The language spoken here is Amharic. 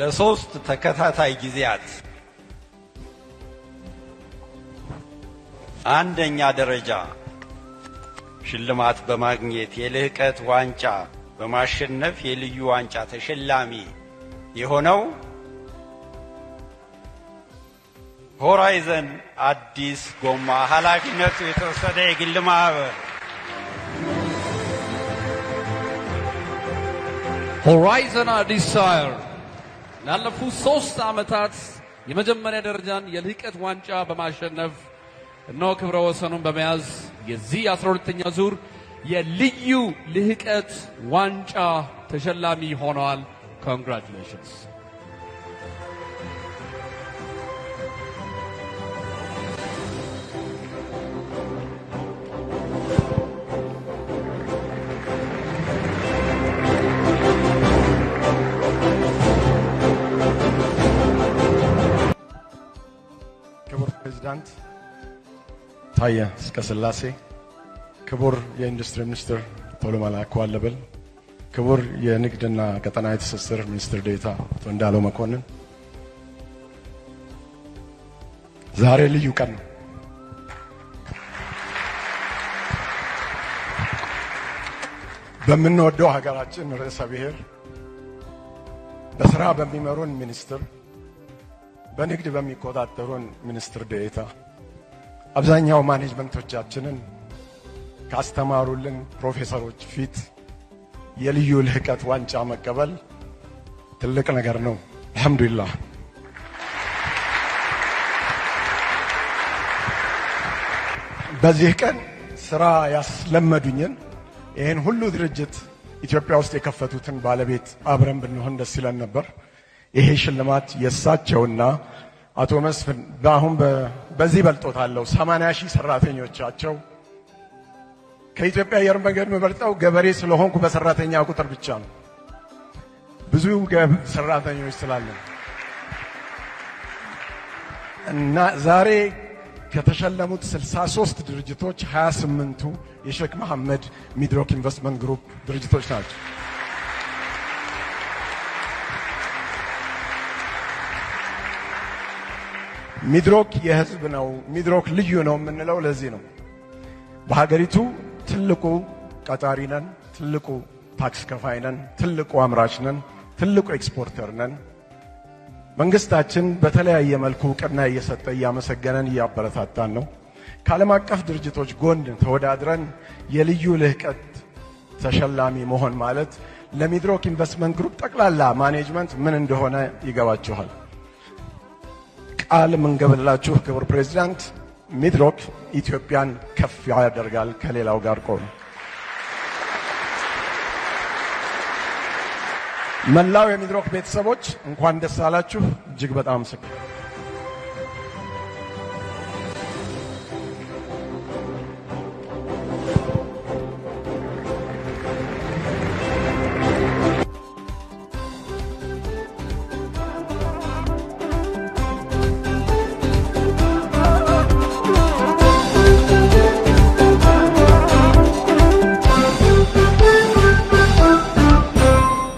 ለሶስት ተከታታይ ጊዜያት አንደኛ ደረጃ ሽልማት በማግኘት የልህቀት ዋንጫ በማሸነፍ የልዩ ዋንጫ ተሸላሚ የሆነው ሆራይዘን አዲስ ጎማ ኃላፊነቱ የተወሰደ የግል ማህበር ሆራይዘን አዲስ ሳይር ላለፉት ሶስት ዓመታት የመጀመሪያ ደረጃን የልህቀት ዋንጫ በማሸነፍ እነሆ ክብረ ወሰኑን በመያዝ የዚህ 12ኛ ዙር የልዩ ልህቀት ዋንጫ ተሸላሚ ሆነዋል። ኮንግራቹሌሽንስ ፕሬዚዳንት ታየ እስከስላሴ፣ ክቡር የኢንዱስትሪ ሚኒስትር ቶሎ መላኩ አለበል፣ ክቡር የንግድና ቀጠናዊ ትስስር ሚኒስትር ዴታ አቶ እንዳለው መኮንን፣ ዛሬ ልዩ ቀን ነው። በምንወደው ሀገራችን ርዕሰ ብሔር በስራ በሚመሩን ሚኒስትር በንግድ በሚቆጣጠሩን ሚኒስትር ዴኤታ አብዛኛው ማኔጅመንቶቻችንን ካስተማሩልን ፕሮፌሰሮች ፊት የልዩ ልህቀት ዋንጫ መቀበል ትልቅ ነገር ነው። አልሐምዱሊላህ። በዚህ ቀን ስራ ያስለመዱኝን ይህን ሁሉ ድርጅት ኢትዮጵያ ውስጥ የከፈቱትን ባለቤት አብረን ብንሆን ደስ ይለን ነበር። ይሄ ሽልማት የእሳቸውና አቶ መስፍን በአሁን በዚህ በልጦታለሁ። 80 ሺህ ሰራተኞቻቸው ከኢትዮጵያ አየር መንገድ የምበልጠው ገበሬ ስለሆንኩ በሰራተኛ ቁጥር ብቻ ነው። ብዙ ሰራተኞች ስላለን እና ዛሬ ከተሸለሙት 63 ድርጅቶች 28ቱ የሼክ መሐመድ ሚድሮክ ኢንቨስትመንት ግሩፕ ድርጅቶች ናቸው። ሚድሮክ የህዝብ ነው፣ ሚድሮክ ልዩ ነው የምንለው ለዚህ ነው። በሀገሪቱ ትልቁ ቀጣሪ ነን፣ ትልቁ ታክስ ከፋይ ነን፣ ትልቁ አምራች ነን፣ ትልቁ ኤክስፖርተር ነን። መንግስታችን በተለያየ መልኩ እውቅና እየሰጠ እያመሰገነን እያበረታታን ነው። ከዓለም አቀፍ ድርጅቶች ጎን ተወዳድረን የልዩ ልህቀት ተሸላሚ መሆን ማለት ለሚድሮክ ኢንቨስትመንት ግሩፕ ጠቅላላ ማኔጅመንት ምን እንደሆነ ይገባችኋል። ቃል መንገብላችሁ ክቡር ፕሬዚዳንት ሚድሮክ ኢትዮጵያን ከፍ ያደርጋል። ከሌላው ጋር ቆሙ። መላው የሚድሮክ ቤተሰቦች እንኳን ደስ አላችሁ። እጅግ በጣም